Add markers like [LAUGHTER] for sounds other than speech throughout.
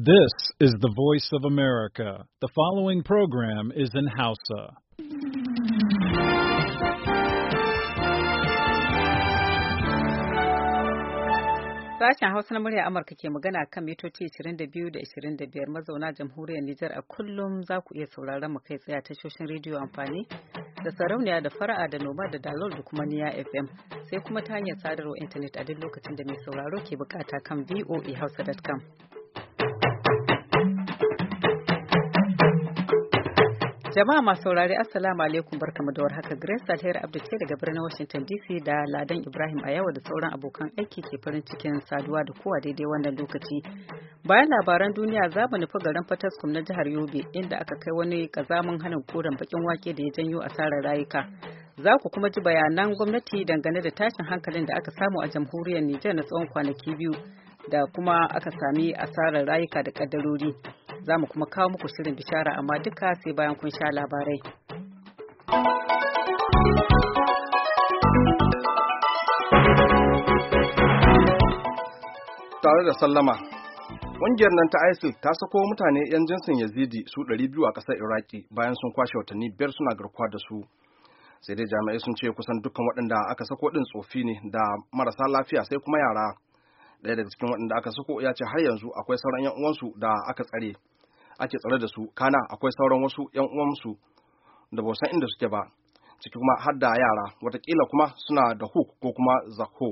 This is the voice of America. The following program is in Hausa. Sashen Hausa na murya Amurka ke magana kan mitoci 22 da 25 mazauna jamhuriyar Nijar a kullum za ku iya sauraron mu kai tsaye tashoshin rediyo amfani da sarauniya da fara'a da noma da dalol da kuma niya FM sai kuma ta hanyar sadarwa intanet a duk lokacin da mai sauraro ke bukata kan voahausa.com. Jama'a masu saurari Assalamu alaikum barkamu da warhaka Grace Alheri Abdul ce daga birnin Washington DC da Ladan Ibrahim a da sauran abokan aiki ke farin cikin saduwa da kowa daidai wannan lokaci. Bayan labaran duniya za mu nufi garin Fataskum na jihar Yobe inda aka kai wani kazamin hanin koren bakin wake da ya janyo asarar rayuka. Za ku kuma ji bayanan gwamnati dangane da tashin hankalin da aka samu a jamhuriyar Nijar na tsawon kwanaki biyu da kuma aka sami asarar rayuka da kaddarori. za mu kuma kawo muku shirin bishara amma duka sai bayan kun sha labarai. Tare da sallama, ƙungiyar nan ta ISIL ta sako mutane 'yan jinsin Yazidi su 200 a ƙasar Iraki bayan sun kwashe watanni biyar suna garkuwa da su. Sai dai jami'ai sun ce kusan dukkan waɗanda aka sako ɗin tsofi ne da marasa lafiya sai kuma yara. ɗaya daga cikin waɗanda aka sako ya ce har yanzu akwai sauran yan uwansu da aka tsare ake tsare da su kana akwai sauran wasu 'yan uwansu da ba san inda suke ba ciki kuma har da yara watakila kuma suna da hook ko kuma zakho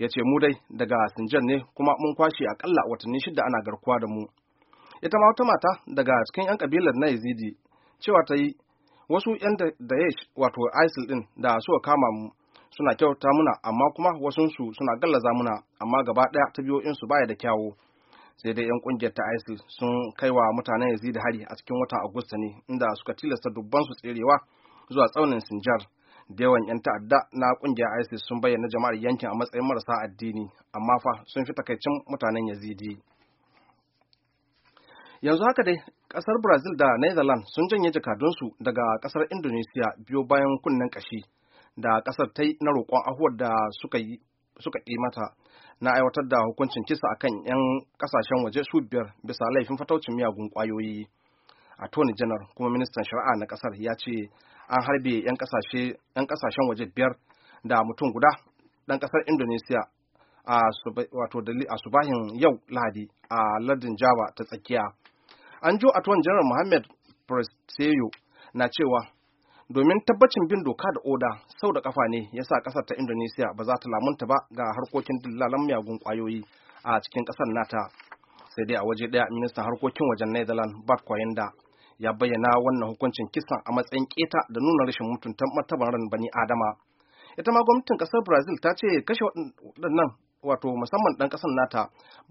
ya ce mu dai daga sinjar ne kuma mun kwashe akalla watanni shida ana garkuwa da mu ita ma wata mata daga cikin 'yan kabilar na yazidi cewa ta yi wasu 'yan daesh wato isil din da ka kama mu suna kyauta muna amma kuma wasunsu suna gallaza muna amma gaba ɗaya ta biyo insu baya da kyawu sai dai 'yan kungiyar ta Isis sun kai wa mutanen yazidi hari a cikin watan agusta ne inda suka tilasta dubban su tserewa zuwa tsaunin sinjar da yawan 'yan ta'adda na kungiyar isis sun bayyana jama'ar yankin a matsayin marasa addini amma fa sun fi takaicin mutanen yazidi yanzu haka dai kasar brazil da netherlands sun janye jakadunsu daga kasar indonesia biyo bayan kunnen kashi da kasar ta yi na roƙon ahuwar da suka yi suka mata na aiwatar da hukuncin kisa akan 'yan kasashen waje su biyar bisa laifin fataucin miyagun kwayoyi tony Janar kuma ministan shari'a na kasar ya ce an harbe 'yan kasashen waje biyar da mutum guda dan kasar indonesia a subahin yau lahadi a lardin java ta tsakiya an jo tony janar muhammad Presteyo na cewa domin tabbacin bin doka da oda sau da kafa ne ya sa kasar ta indonesia ba za ta lamunta ba ga harkokin dillalan miyagun kwayoyi a cikin ƙasar nata sai dai a waje ɗaya ministan harkokin wajen netherlands bart kwayenda ya bayyana wannan hukuncin kisan a matsayin keta da nuna rashin mutuntan martaban bani adama ita ma gwamnatin kasar brazil ta ce kashe waɗannan wato musamman ɗan ƙasar nata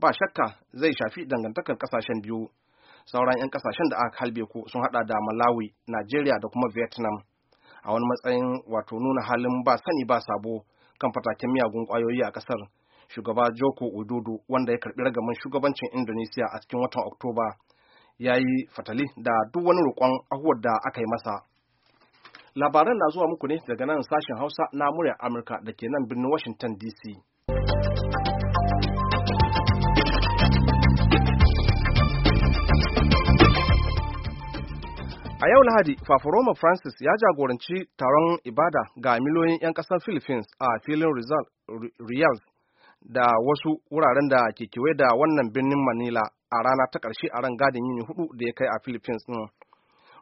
ba shakka zai shafi dangantakar ƙasashen biyu sauran 'yan kasashen da aka halbe ku sun hada da malawi najeriya da kuma vietnam a wani matsayin wato nuna halin ba sani ba sabo kan fataken miyagun kwayoyi a kasar shugaba joko Udodo, wanda ya karbi ragaman shugabancin indonesia a cikin watan oktoba ya yi fatali da duk wani roƙon ahuwar da aka yi masa labaran na zuwa muku ne daga nan sashen hausa na murya amurka da ke nan birnin washington dc A yau Lahadi, Fafaroma Francis ya jagoranci taron ibada ga miliyoyin 'yan ƙasar Philippines a filin riyals da wasu wuraren da ke kewaye da wannan birnin Manila a rana ta ƙarshe a ran gadin yini hudu da ya kai a Philippines ɗin.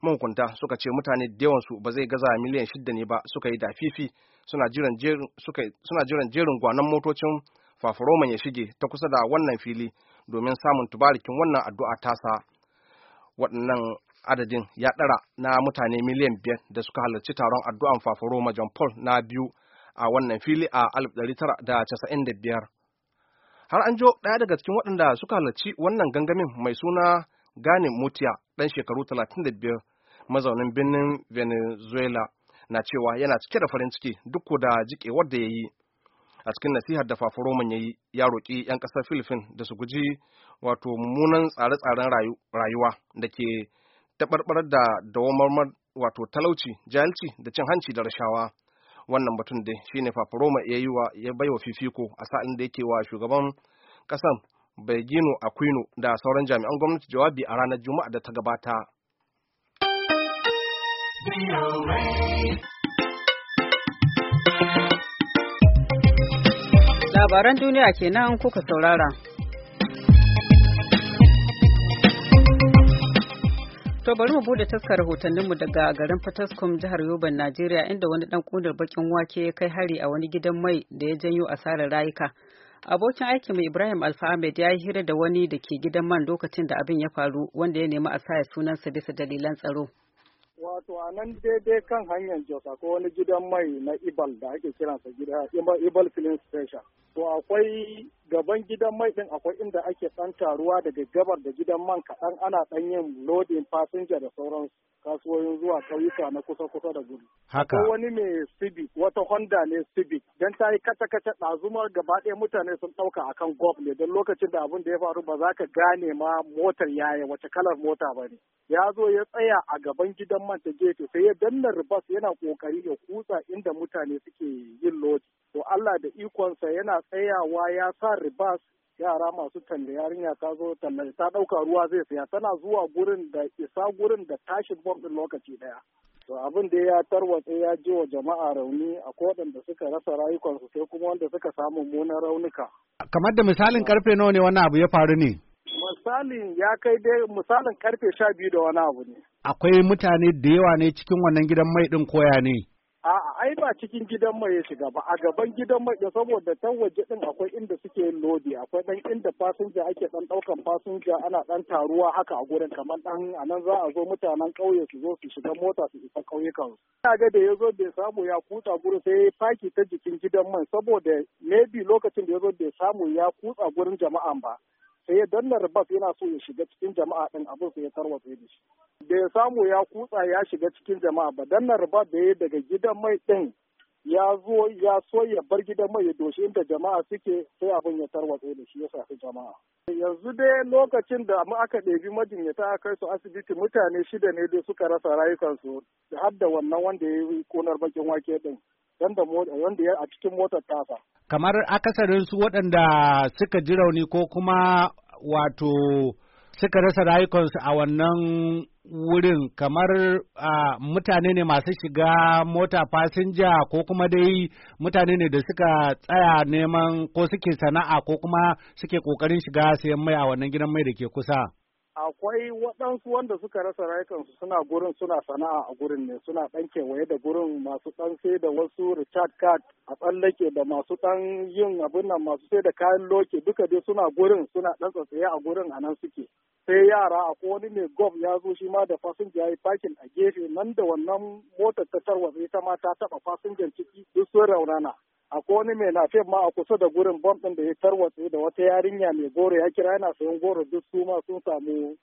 Mahukunta suka ce mutane da yawansu ba zai gaza miliyan shida ne ba suka yi dafifi suna jiran jerin gwanon motocin Fafaroman ya shige ta kusa da wannan fili domin samun tubarikin wannan addu'a tasa. Waɗannan adadin ya ɗara na mutane miliyan biyar da suka halarci taron addu'an fafaroma majan Paul na biyu a wannan fili a 1995. Har an jo ɗaya daga cikin waɗanda suka halarci wannan gangamin mai suna Gane Mutiya ɗan shekaru 35 mazaunin birnin Venezuela na cewa yana cike da farin ciki duk da jike wadda ya yi. a cikin nasihar da fafaroman ya yi ya roƙi 'yan ƙasar filifin da su guji wato mummunan tsare-tsaren rayuwa da ke taɓarɓarar da dawamarmar wato talauci jahilci da cin hanci da rashawa wannan batun dai shine faforoma ya yi wa ya baiwa fifiko a sa'in da yake wa shugaban kasan Begino Aquino da sauran jami'an gwamnati jawabi a ranar Juma'a da ta gabata. Labaran duniya kenan kuka saurara. To bari mu bude taskar rahotanninmu daga garin Fataskum jihar Yoban Najeriya inda wani dan kunar bakin wake ya kai hari a wani gidan mai da ya janyo asarar rayuka. Abokin aikin mu Ibrahim Alfa Ahmed ya yi hira da wani da ke gidan man lokacin da abin ya faru wanda ya nemi a saya sunansa bisa dalilan tsaro. Wato a nan daidai kan hanyar Jos ko wani gidan mai na Ibal da ake kiransa gida Ibal clean Station. To akwai gaban gidan mai din akwai inda ake tsanta ruwa daga gabar da gidan man kaɗan ana ɗan yin lodin fasinja da sauran kasuwoyin zuwa ƙauyuka na kusa-kusa da gudu. Haka. Ko wani mai Civic, wata Honda ne Civic, don ta yi kata-kata ɗazumar gaba ɗaya mutane sun ɗauka akan gob ne don lokacin da abin da ya faru ba za ka gane ma motar yaya wace kalar mota ba ne. Ya zo ya tsaya a gaban gidan man ta gefe sai ya danna ribas yana ƙoƙari ya kutsa inda mutane suke yin lodi. to Allah da ikonsa yana tsayawa ya sa ribas yara masu talle yarinya ta zo talle ta ɗauka ruwa zai saya tana zuwa gurin da isa gurin da tashin bom din lokaci daya to abin da ya tarwatse ya ji wa jama'a rauni a waɗanda suka rasa rayukansu sai kuma wanda suka samu munar raunuka kamar da misalin karfe nawa ne wannan abu ya faru ne misalin ya kai dai misalin karfe sha biyu da wani abu ne akwai mutane da yawa ne cikin wannan gidan mai din koya ne ai ba cikin gidan mai ya shiga ba a gaban gidan mai saboda ta waje din akwai inda suke yin lodi akwai dan inda fasinja ake dan daukan fasinja ana dan taruwa haka a gurin kamar dan anan za a zo mutanen kauye su zo su shiga mota su isa kauyukan ina ga da yazo bai samu ya kutsa gurin sai faki ta jikin gidan mai saboda maybe lokacin da yazo bai samu ya kutsa gurin jama'an ba sai don danna yana so ya shiga cikin jama'a ɗin abin sai ya tarwatsa da shi da ya samu ya kutsa ya shiga cikin jama'a ba danna bas da ya daga gidan mai ɗin ya zo ya so ya bar gidan mai ya doshi inda jama'a suke sai abin ya tarwatsa da shi ya shafi jama'a yanzu dai lokacin da mu aka ɗebi majinyata a kai su asibiti mutane shida ne dai suka rasa rayukansu har da wannan wanda ya yi konar bakin wake ɗin. wanda ya a cikin motar tasa. Kamar akasarin su waɗanda suka ji rauni ko kuma wato suka rasa rayukansu a wannan wurin kamar mutane ne masu shiga mota fasinja ko kuma dai mutane ne da suka tsaya neman ko suke sana'a ko kuma suke ƙoƙarin shiga sayan mai a wannan gidan mai da ke kusa. akwai waɗansu wanda suka rasa rayukansu suna gurin suna sana'a a gurin ne suna ɗan kewaye da gurin masu ɗan sai da wasu richard card a tsallake da masu ɗan yin abin nan masu sai da kayan loke duka dai suna gurin suna ɗan tsatsaye a gurin a nan suke sai yara akwai wani mai golf ya zo shi ma da fasinja ya yi parking a gefe nan da wannan motar ta tarwatsa ita ma ta taɓa fasinjan ciki duk sun raunana akwai wani mai nafe ma a kusa da gurin bom ɗin da ya tarwatse da wata yarinya mai goro ya kira yana sayan goro duk su ma sun samu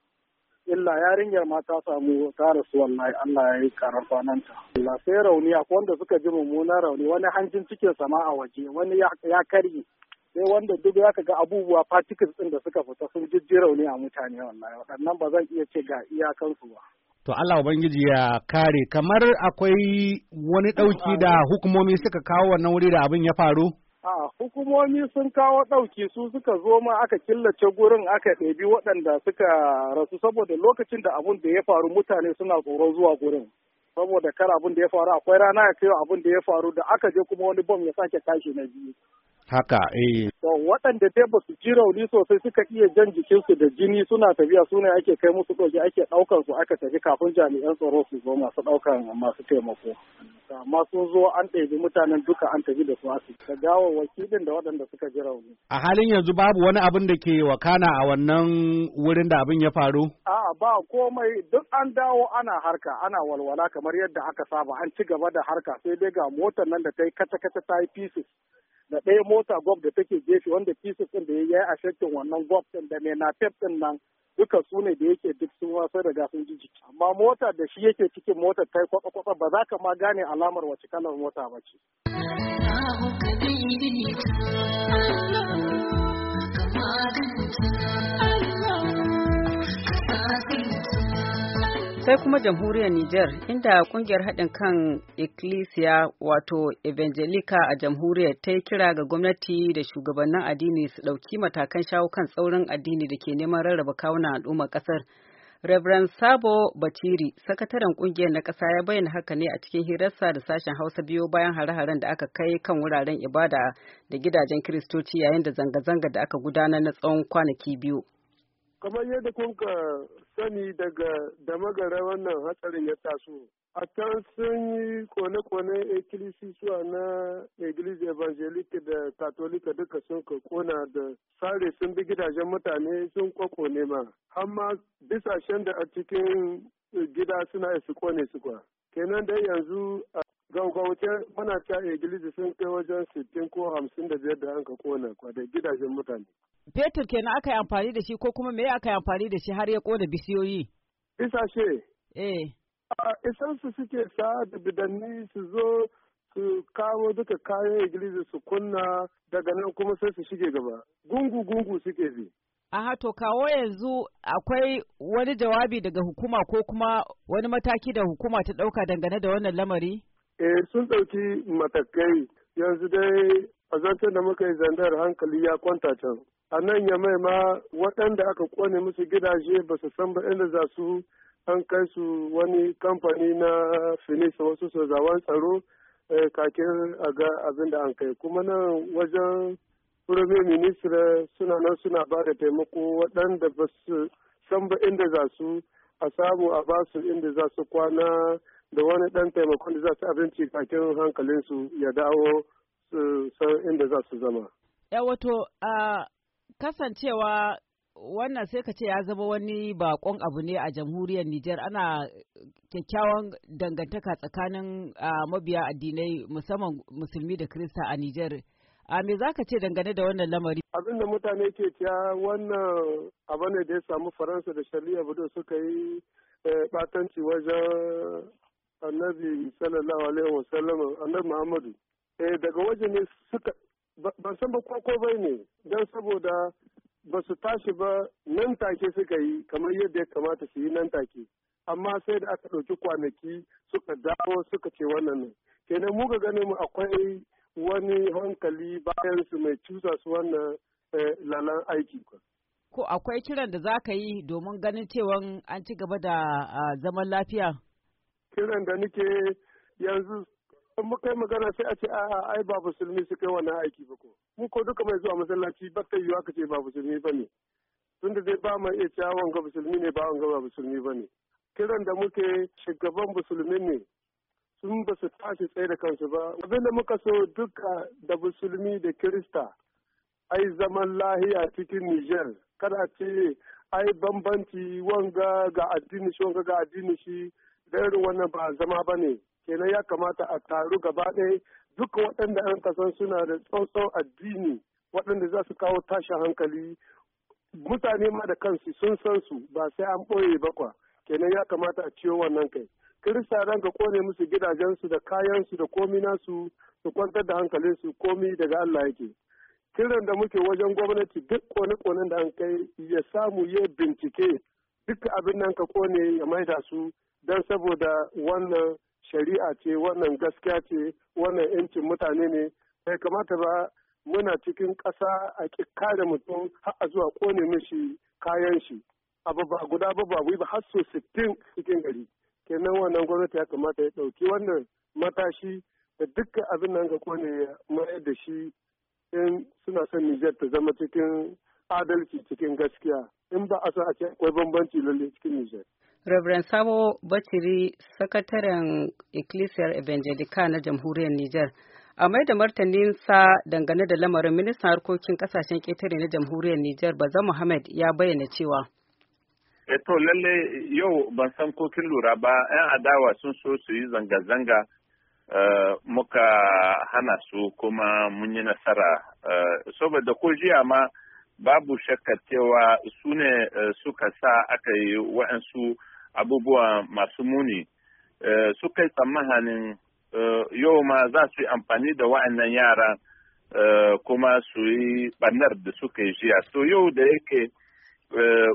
illa yarinyar ma ta samu ta rasu wallahi Allah ya yi karar kwananta. Allah sai rauni a wanda suka ji mummunan rauni wani hancin cikin sama a waje wani ya karye sai wanda duk ya ga abubuwa particles ɗin da suka fita sun jijji rauni a mutane wallahi waɗannan ba zan iya ce ga iyakansu ba. To Allah Ubangiji ya kare kamar akwai wani ɗauki da hukumomi suka kawo wannan wuri da abin ya faru? A hukumomi sun kawo ɗauki su suka zo ma aka killace gurin aka ɗebi waɗanda suka rasu saboda lokacin da abin da ya faru mutane suna tsoron zuwa gurin. Saboda kar abin da ya faru akwai rana ya kai abin da ya faru da aka je kuma wani bom ya sake tashi na biyu. Haka eh. To waɗanda dai ba su ji rauni sosai suka iya jan jikinsu da jini suna tafiya su ake kai musu ɗauki ake ɗaukar su aka tafi kafin jami'an tsaro su zo masu ɗaukan masu taimako. Amma sun zo an ɗebi mutanen duka an tafi da su asibiti. Da gawa wakilin da waɗanda suka ji rauni. A halin yanzu babu wani abin da ke wakana a wannan wurin da abin ya faru? A'a ba komai duk an dawo ana harka ana walwala kamar yadda aka saba an ci gaba da harka sai dai ga motar nan da ta yi kata-kata ta yi pieces. da ɗaya mota gwab da take gefe wanda pieces ɗin da ya yi a shakkin wannan gwab ɗin da mai na tef ɗin nan duka su ne da yake duk sun wasa da sun ji amma mota da shi yake cikin mota ta kwatsa kwatsa ba za ka ma gane alamar wace kalar mota ba ce. Allah sai kuma jamhuriyar Nijar inda kungiyar haɗin kan Ecclesia wato Evangelica a jamhuriyar ta yi kira ga gwamnati da shugabannin addini su ɗauki matakan shawo kan tsaurin addini da ke neman rarraba kawunan al'ummar ƙasar. Reverend Sabo Batiri, sakataren kungiyar na ƙasa ya bayyana haka ne a cikin hirarsa da sashen Hausa biyu bayan hare-haren da aka kai kan wuraren ibada da gidajen Kiristoci yayin da zanga-zanga da aka gudanar na tsawon kwanaki biyu. kamar yadda kun ka sani daga magara wannan hatsarin ya taso a can sun yi kone-kone ekkilisisuwa na iglesia evangelique da katolika duka sun ka kona da sare sun bi gidajen mutane sun kwakone ma amma bisashen da a cikin gida suna su kone su kwa kenan da yanzu gaugauce muna ta ingilizi sun kai wajen sittin ko hamsin da biyar da an ka kona da gidajen mutane. Fetur kenan aka yi amfani da shi ko kuma me aka yi amfani da shi har ya kona bisiyoyi? Isashe. Eh. Isan su suke sa da bidanni su zo su kawo duka kayan ingilizi su kunna daga nan kuma sai su shige gaba. Gungu-gungu suke bi. Aha, to kawo yanzu akwai wani jawabi daga hukuma ko kuma wani mataki da hukuma ta ɗauka dangane da wannan lamari? eh sun ɗauki matakai yanzu dai a zancen da muka yi zandar hankali ya kwanta can a nan ya mai ma waɗanda aka kone musu gidaje ba su san ba inda za su an kai su wani kamfani na finis wasu sozawan tsaro eh, kakin a ga abin da an kai kuma nan wajen premier ministra suna nan suna ba da taimako waɗanda ba su san ba inda za su a samu a ba su inda za su kwana da wani dan taimakon da za su abinci bakin hankalinsu ya dawo san inda za su zama. Ya eh, wato a kasancewa wannan sai ka ce ya zama wani bakon abu ne a jamhuriyar Nijar ana kyakkyawan dangantaka tsakanin mabiya addinai musamman musulmi da Kirista a Nijar. A me za ka ce dangane da wannan lamari? Abin da mutane ke cewa wannan abu ne da ya samu Faransa da Shari'a Budo suka yi batanci eh, wajen annabi sallallahu alaihi wa sallam annabi muhammadu eh daga waje ne suka ban san ba koko bai ne don saboda ba su tashi ba nan take suka yi kamar yadda ya kamata su yi nan take amma sai da aka ɗauki kwanaki suka dawo suka ce wannan ne kenan mu ga ganin mu akwai wani hankali bayan su mai cusa su wannan eh, lalan aiki ko akwai kiran da za ka yi domin ganin cewa an ci gaba da ah, zaman lafiya kiran da nake yanzu in muka yi magana sai a ce a ai ba musulmi su kai wannan aiki ba ko mu ko duka mai zuwa masallaci ba ta yiwa ka ce ba musulmi ba ne tun da dai ba mu iya cewa wanga musulmi ne ba wanga ba musulmi ba ne kiran da muke shugaban musulmi ne sun ba su tashi tsaye da kansu ba abin da muka so duka da musulmi da kirista ai zaman lahiya cikin niger kada ce ai bambanci wanga ga addini shi wanga ga addini shi da wannan ba zama ba ne kenan ya kamata a taru gaba ɗaya duka waɗanda an kasan suna da tsantsan addini waɗanda za su kawo tashin hankali mutane ma da kansu sun san su ba sai an ɓoye ba kwa kenan ya kamata a ciyo wannan kai kirista ran ka kone musu gidajensu da kayansu da komi nasu su kwantar da hankali su komi daga Allah yake kiran da muke wajen gwamnati duk kone-konen da an kai ya samu ya bincike duk abin nan ka kone ya maida su don saboda wannan shari'a ce wannan gaskiya ce wannan 'yancin mutane ne bai kamata ba muna cikin ƙasa a kare mutum har a zuwa kone mishi kayan shi abu ba guda ba ba ba har so sittin cikin gari kenan wannan gwamnati ya kamata ya ɗauki wannan matashi da dukkan abin nan ga kone ya mayar da shi in suna son Nijar ta zama cikin adalci cikin gaskiya in ba a sa a ce akwai bambanci lalle cikin Nijar. Reverend Sabo Baciri, sakataren Ecclesiar Evangelica na Jamhuriyar Nijar. A mai da martaninsa dangane da lamarin ministan harkokin kasashen ƙetare na Jamhuriyar Nijar, Baza Muhammad ya bayyana cewa. Eto eh lalle yau ban san ko kin lura ba 'yan adawa sun so su yi zanga-zanga Uh, muka hana su kuma mun yi nasara uh, saboda ko jiya ma babu shakka cewa su ne uh, suka sa aka yi waɗansu abubuwa masu muni eh, su kai tsammanin eh, yau ma za su yi amfani da wa'annan yara eh, kuma su yi ɓannar da suka yi jiya so yau da yake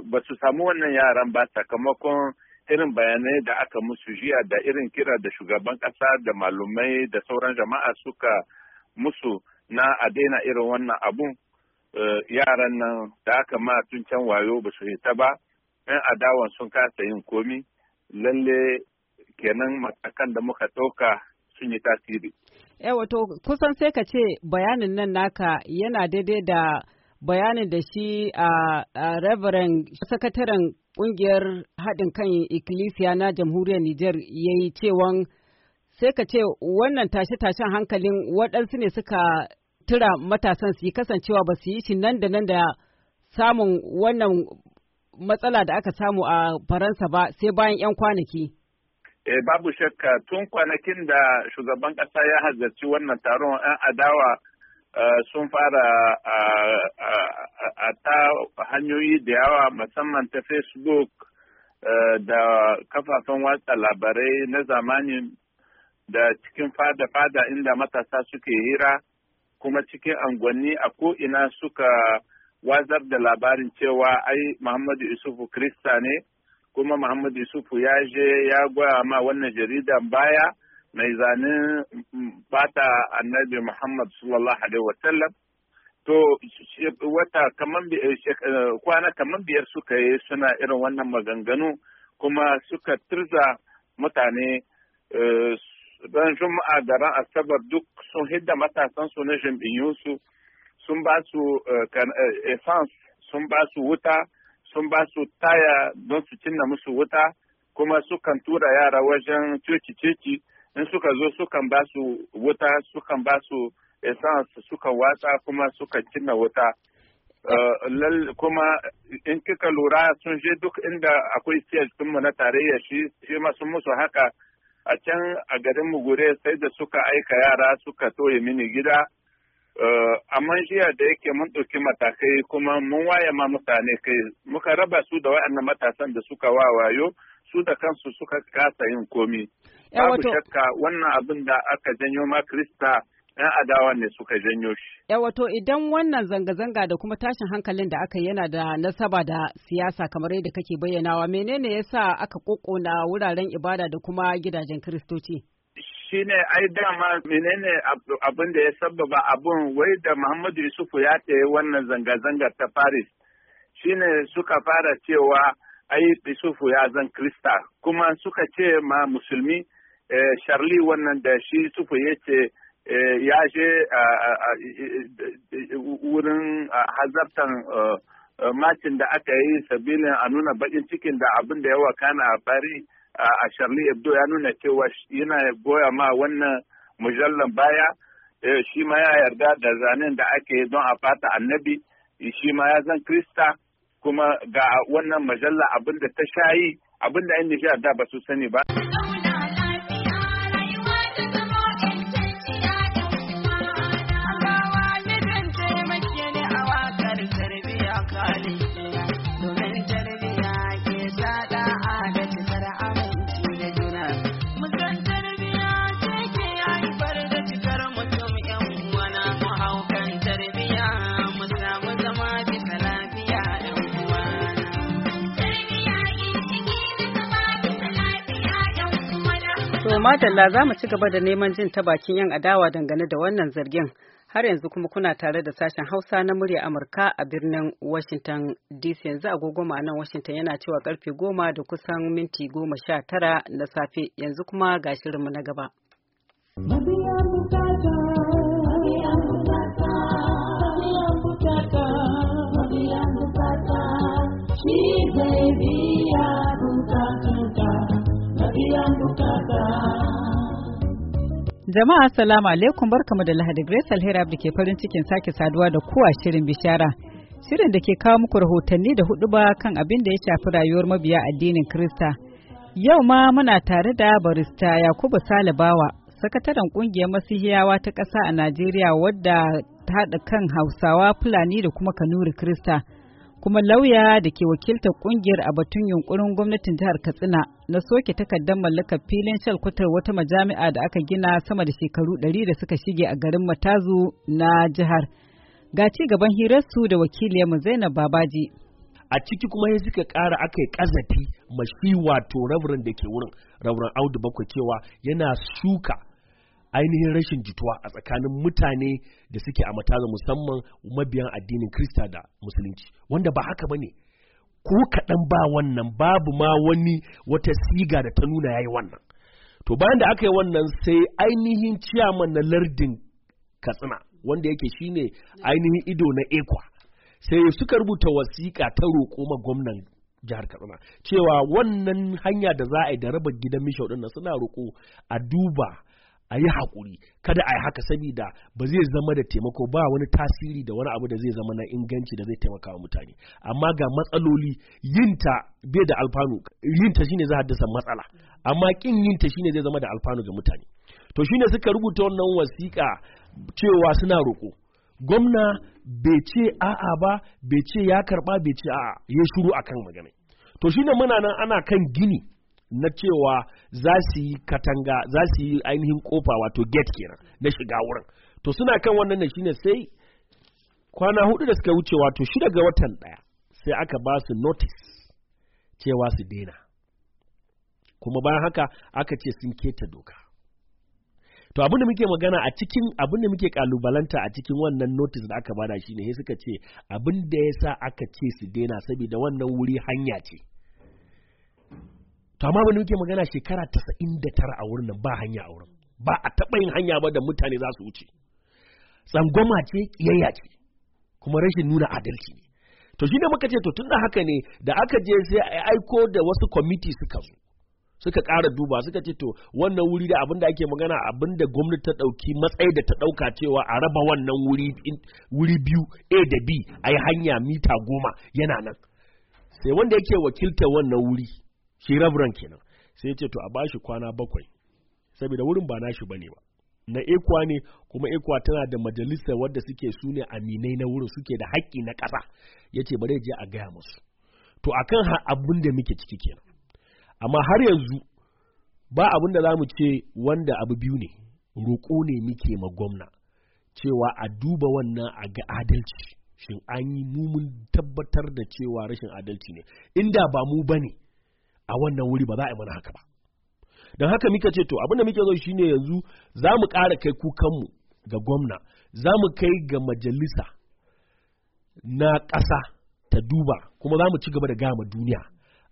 ba su samu wannan yaran ba sakamakon irin bayanai da aka musu jiya da irin kira da shugaban ƙasa da malumai da sauran jama'a suka musu na a daina irin wannan abun yaran nan da aka ma tun can wayo ba su hita ba 'yan adawan sun kasa yin komi lalle kenan matakan da muka ɗauka sun yi tasiri. wato kusan sai ka ce bayanin nan naka yana daidai da bayanin da shi a Reverend sakataren ƙungiyar haɗin kan ikkilisiya na jamhuriyar Nijar ya yi cewan sai ka ce wannan tashe-tashen hankalin waɗansu ne suka tura matasan su yi kasancewa ba su yi shi nan da nan da samun wannan matsala da aka samu a Faransa ba sai bayan 'yan kwanaki. E, babu shakka tun kwanakin da shugaban ƙasa ya hazarci wannan taron 'yan adawa eh, sun fara a ta hanyoyi da yawa musamman ta Facebook eh, da kafafen watsa labarai na zamani da cikin fada-fada inda matasa suke hira kuma cikin angwanni a ko'ina suka wazar da labarin cewa ai Muhammadu Isufu Krista ne kuma Muhammadu Isufu ya je ya goya ma wannan jaridan baya mai zanen bata annabi Muhammad sallallahu alaihi wasallam to wata kaman eh, eh, kwana kaman biyar suka yi suna irin wannan maganganu kuma suka turza mutane ran eh, juma'a da ran asabar duk sun hidda matasan su na jam'iyyunsu sun ba su eh, eh, essence sun ba su wuta sun ba su taya don su cinna musu wuta kuma sukan tura yara wajen coci-coci in suka zo sukan ba su wuta sukan ba su essence watsa kuma sukan cinna wuta eh, kuma in kika lura sun je duk inda akwai siyar mu na tarayya shi shi sun musu haka a can a garin mugure sai da suka aika yara suka toye mini gida Eh, amma jiya da yake mun ɗauki matakai kuma mun waye ma mutane kai muka raba su da wa'annan matasan da suka wawayo su da kansu suka kasa yin komi eh, babu shakka wannan abin da aka janyo ma krista yan adawa ne suka janyo shi yawato eh, idan wannan zanga-zanga da kuma tashin hankalin da aka yana da nasaba da siyasa kamar yadda kake bayyanawa menene yasa aka kokona wuraren ibada da kuma gidajen kiristoci shine ai dama menene abin da ya sabbaba abun wai da Muhammadu Yusufu ya tayi wannan zanga zanga ta Paris shine suka fara cewa ai Yusufu ya zan Krista kuma suka ce ma musulmi sharli eh, wannan da shi Yusufu ya ce eh, ya je wurin hazartan eh, macin da aka yi sabilin a nuna bakin cikin da abin da yawa kana a Paris a Charlie Hebdo ya nuna cewa yana goya ma wannan mujallan baya eh, shi ma ya yarda da zanen da ake don a fata annabi shi ma ya zan krista kuma ga wannan majalla abinda ta shayi abinda yan nishiyar da ba su sani ba. madalla za mu ci gaba da neman jin ta bakin 'yan adawa dangane da wannan zargin. Har yanzu kuma kuna tare da sashen Hausa na murya Amurka a birnin Washington DC yanzu agogo nan Washington yana cewa karfe goma da kusan minti goma sha tara na safe yanzu kuma ga shirinmu na gaba. Jama'a assalamu alaikum barkamu da Lahadi Grace Alheri da ke farin cikin sake saduwa da kowa shirin bishara. Shirin da ke kawo muku rahotanni da ba kan abin da ya shafi rayuwar mabiya addinin kirista. Yau ma muna tare da barista Yakubu Salibawa, sakataren kungiyar Masihiyawa ta ƙasa a Najeriya wadda ta haɗa kan Hausawa, Fulani da kuma Kanuri kirista. kuma lauya da ke wakiltar kungiyar a batun yunkurin gwamnatin jihar katsina na soke takardar mallakar filin shalkutar wata majami'a da aka gina sama da shekaru ɗari da suka shige a garin matazu na jihar ga ci gaban hirarsu da wakiliyarmu zainab babaji a ciki kuma ya suka ƙara aka yi ƙazafi mashi wato rabirin da ke wurin rabirin audu bakwai cewa yana shuka ainihin rashin jituwa a tsakanin mutane da suke a mataza musamman mabiyan addinin Krista da Musulunci wanda ba haka ba ne ko kaɗan ba wannan babu ma wani wata siga da ta nuna ya yi wannan to bayan da aka yi wannan sai ainihin ciyaman na lardin Katsina wanda yake ne ainihin ido na ekwa sai suka rubuta wasiƙa ta roƙo ma gwamnan jihar Katsina cewa wannan hanya da za a yi da raba gidan Mishaudin ɗin suna roƙo a duba a yi haƙuri kada a yi haka saboda ba zai zama da taimako ba wani tasiri da wani abu da zai zama na inganci da zai taimaka wa mutane amma ga matsaloli yinta bai da alfanu yinta shine a haddasa matsala amma kin yinta shine zai zama da alfanu ga mutane to shine suka rubuta wannan wasiƙa cewa suna roƙo gwamna bai ce a'a ba bai ce ya karba bai ce a'a ya shiru akan magana to shine muna nan ana kan gini na cewa za su yi katanga za su yi ainihin kofa wato gate kenan na shiga wurin to suna kan wannan ne shine sai kwana hudu da suka wuce wato shida ga watan daya sai aka ba su notice cewa su daina kuma bayan haka aka ce sun keta doka to abin da muke magana a cikin abin da muke kalubalanta a cikin wannan notice da aka bada shine sai suka ce abin da yasa aka ce su daina saboda wannan wuri hanya ce to amma bani muke magana shekara tasa'in da tara a wurin nan ba hanya a wurin ba a taɓa yin hanya ba da mutane za su wuce tsangwama ce ƙiyayya ce kuma rashin nuna adalci ne to shi ne muka ce to tun da haka ne da aka je sai a aiko da wasu kwamiti suka zo suka ƙara duba suka ce to wannan wuri da abin da ake magana abin da gwamnati ta ɗauki matsayi da ta ɗauka cewa a raba wannan wuri biyu a da b a yi hanya mita goma yana nan sai wanda yake wakiltar wannan wuri shi rabran kenan sai ya ce to a bashi kwana bakwai saboda wurin ba nashi bane ba na ekwa ne kuma ekwa tana da majalisar wadda suke su aminai na wurin suke da haƙƙi na ƙasa ya ce bari je a gaya musu to akan abin da muke ciki kenan amma har yanzu ba abin da za mu ce wanda abu biyu ne roƙo ne muke ma gwamna cewa a duba wannan a ga adalci shin an yi mumun tabbatar da cewa rashin adalci ne inda ba mu bane a wannan wuri ba za a yi mana haka ba don haka muka ce to abin da muke zo shine yanzu za mu kara kai kukanmu ga gwamna za mu kai ga majalisa na ƙasa ta duba kuma za mu ci gaba da gama duniya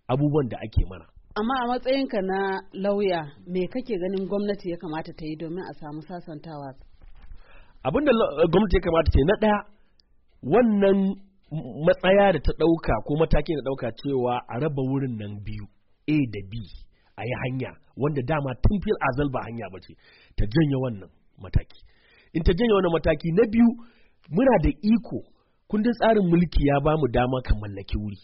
abubuwan da ake mana amma a matsayinka na lauya me kake ganin gwamnati ya kamata ta yi domin a samu sasantawa abin da gwamnati ya kamata ta yi na ɗaya wannan matsaya da ta ɗauka ko matakin da ɗauka cewa a raba wurin nan biyu a da b a yi hanya wanda dama tun fil azal ba hanya ba ce ta janye wannan mataki in ta janye wannan mataki na biyu muna da iko kundin tsarin mulki ya ba mu dama ka mallaki wuri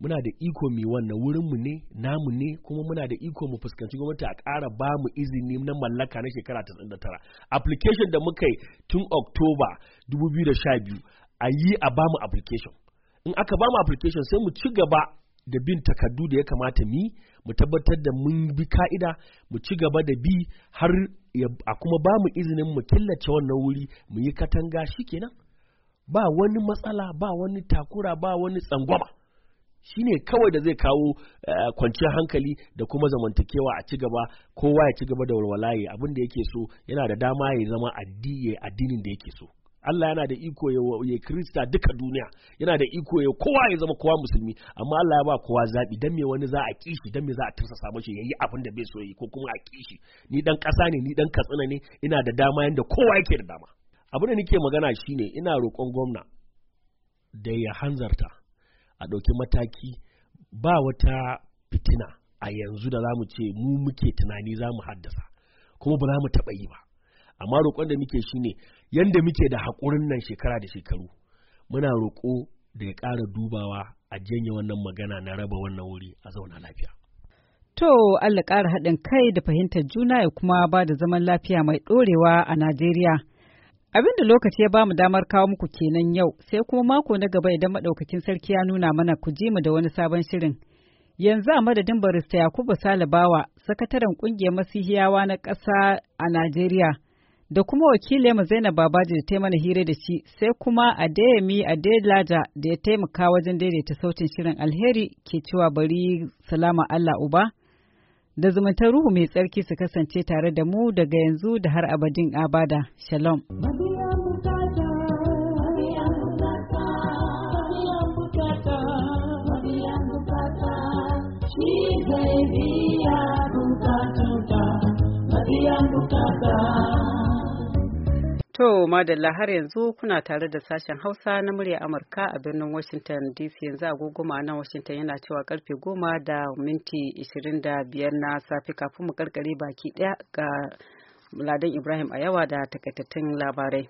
muna da iko mai wannan wurinmu ne namu ne kuma muna da iko mu fuskanci gwamnati a ƙara ba mu izini na mallaka na shekara tara. application da muka yi tun october 2012 a yi a ba mu application in aka ba mu application sai mu ci gaba da bin takardu da ya kamata mu mu tabbatar da mun bi ka'ida mu ci gaba da bi har a kuma ba mu izinin mu killace wannan wuri mu yi katanga kenan ba wani matsala ba wani takura ba wani tsangwama shine kawai da zai kawo eh, kwanciyar hankali da kuma zamantakewa a ci gaba kowa ya ci gaba da walwalaye abin da yake so yana da dama ya zama addinin da yake so Allah yana da iko ya Kirista duka duniya yana da iko ya kowa ya zama kowa musulmi amma Allah ya ba kowa zabi dan me wani za a kishi dan me za a samu mashi yayi abin da bai so yi ko kuma a kishi ni dan kasa ne ni dan katsina ne ina da dama yanda kowa yake da dama abin da nake magana shine ina roƙon gwamna da ya hanzarta a ɗauki mataki ba wata fitina a yanzu da za mu ce mu muke tunani za mu haddasa kuma ba za mu taɓa yi ba amma roƙon da muke shine yadda muke da haƙurin nan shekara da shekaru muna roƙo da ya ƙara dubawa a janye wannan magana na raba wannan wuri a zauna lafiya. To Allah ƙara haɗin kai da fahimtar juna ya kuma ba da zaman lafiya mai ɗorewa a Najeriya. Abin da lokaci ya bamu damar kawo muku kenan yau sai kuma mako na gaba idan maɗaukakin sarki ya nuna mana ku ji mu da wani sabon shirin. Yanzu a madadin barista Yakubu Salibawa, sakataren ƙungiyar Masihiyawa na ƙasa a Najeriya. da kuma mu Zainab Babaji da ta mana hira da shi sai kuma a Adeyemi Adelaja da ya taimaka wajen daidaita sautin shirin alheri ke cewa bari salama Allah uba da zumuntar ruhu mai tsarki su kasance tare da mu daga yanzu da har abadin abada shalom Biyan To madalla har yanzu kuna tare da sashen Hausa na murya Amurka a birnin Washington DC yanzu agogoma nan Washington yana cewa karfe goma da minti 25 na safe kafin mu karkare baki daya ga Ladan Ibrahim a yawa da takaitattun labarai.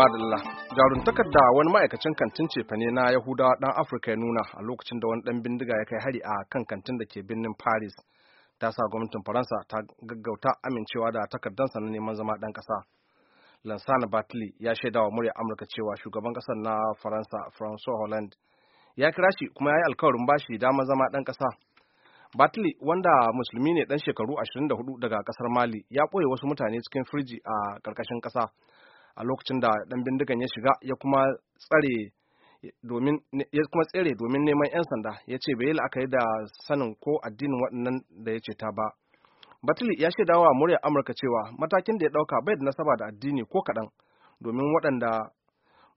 madalla jaruntakar da wani ma'aikacin kantin cefa ne na yahudawa dan afirka ya nuna a lokacin da wani dan bindiga ya kai hari a kan kantin da ke birnin paris ta sa gwamnatin faransa ta gaggauta amincewa da takardansa na neman zama dan kasa lansana batli ya shaida wa murya amurka cewa shugaban kasar na faransa francois hollande ya kira shi kuma ya yi alkawarin bashi damar zama dan kasa batli wanda musulmi ne dan shekaru 24 daga kasar mali ya ɓoye wasu mutane cikin firji a ƙarƙashin ƙasa a lokacin da dan bindigan ya shiga ya kuma tsare domin ya kuma tsere domin neman 'yan sanda ya ce bai yi la'akari da sanin ko addinin waɗannan da ya ce ta ba batili ya shaida wa murya amurka cewa matakin da ya ɗauka bai da nasaba da addini ko kaɗan domin waɗanda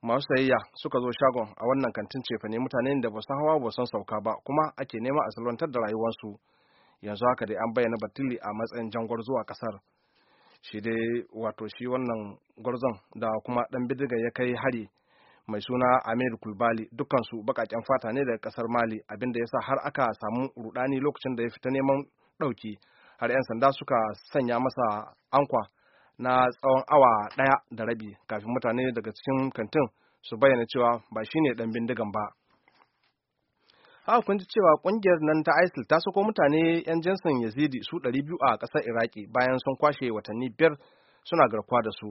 masu sayayya suka zo shagon a wannan kantin cefa ne mutane da ba san hawa ba san sauka ba kuma ake neman a salwantar da rayuwarsu yanzu haka dai an bayyana batili a matsayin jangwar zuwa ƙasar shi dai wato shi wannan gwarzon da kuma dan bidiga ya kai hari mai suna amir kulbali dukansu bakaken fata ne daga kasar mali abinda ya sa har aka samu rudani lokacin da ya fita neman ɗauki har 'yan sanda suka sanya masa ankwa na tsawon awa daya da rabi kafin mutane daga cikin kantin su bayyana cewa ba shine dan bindigan ba haka kun ji cewa kungiyar nan ta isil ta sako mutane 'yan jinsin yazidi su 200 a kasar iraki bayan sun kwashe watanni biyar suna garkuwa da su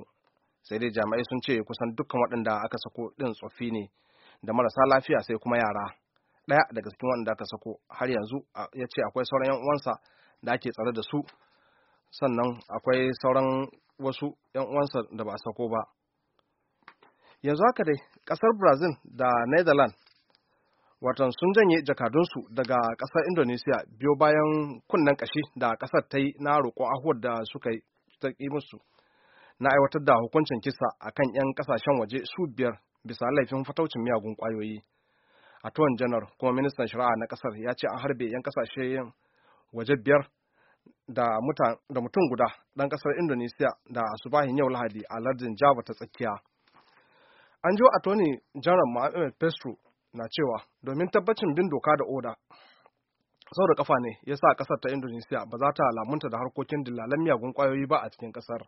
sai dai jami'ai sun ce kusan dukkan waɗanda aka sako ɗin tsoffi ne da marasa lafiya sai kuma yara ɗaya daga cikin waɗanda aka sako har yanzu ya ce akwai sauran 'yan uwansa da ake tsare da su sannan akwai sauran wasu 'yan uwansa da ba a sako ba yanzu haka dai ƙasar brazil da netherlands watan sun janye jakadunsu daga ƙasar Indonesia biyo bayan kunnen ƙashi da ƙasar ta yi na roƙon ahuwar da suka yi musu na aiwatar da hukuncin kisa a kan 'yan kasashen waje su biyar bisa laifin fataucin miyagun ƙwayoyi a tuwon janar kuma ministan shari'a na kasar ya ce an harbe 'yan ƙasashe waje biyar da mutum guda ɗan ƙasar Indonesia da asubahin yau lahadi a lardin java ta tsakiya an ji attorney general mohammed pestro na cewa domin tabbacin bin doka da oda sau da kafa ne ya sa kasar ta indonesiya ba za ta lamunta da harkokin dillalan miyagun kwayoyi ba a cikin kasar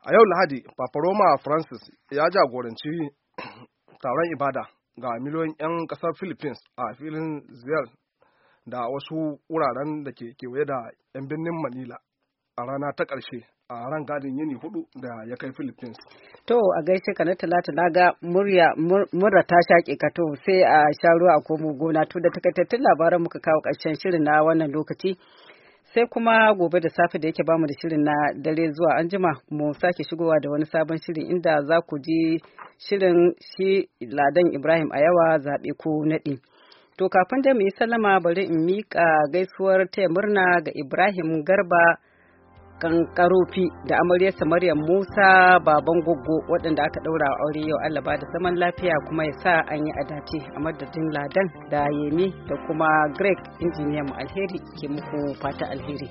a yau lahadi paparoma francis ya jagoranci [COUGHS] taron ibada ga miliyoyin 'yan kasar philippines a filin ziyar da wasu wuraren da ke kewaye da 'yan birnin manila a rana ta ƙarshe a ran gadin yini hudu da ya kai philippines to a gaishe ka na talata na ga murya murra ta shaƙe ka to sai a sha ruwa a komo gona to da takaitattun labaran muka kawo ƙarshen shirin na wannan lokaci sai kuma gobe da safe da yake bamu da shirin na dare zuwa anjima mu sake shigowa da wani sabon shirin inda za ku ji shirin shi ladan ibrahim a yawa zaɓe ko naɗi. To kafin da mu yi sallama bari in miƙa gaisuwar taya murna ga Ibrahim Garba kankarofi da amaryarsa maryam musa baban goggo waɗanda aka ɗaura a aure yau allah ba da zaman lafiya kuma ya sa an yi adace a madadin ladan da yemi da kuma greg injiniyan alheri ke muku fata alheri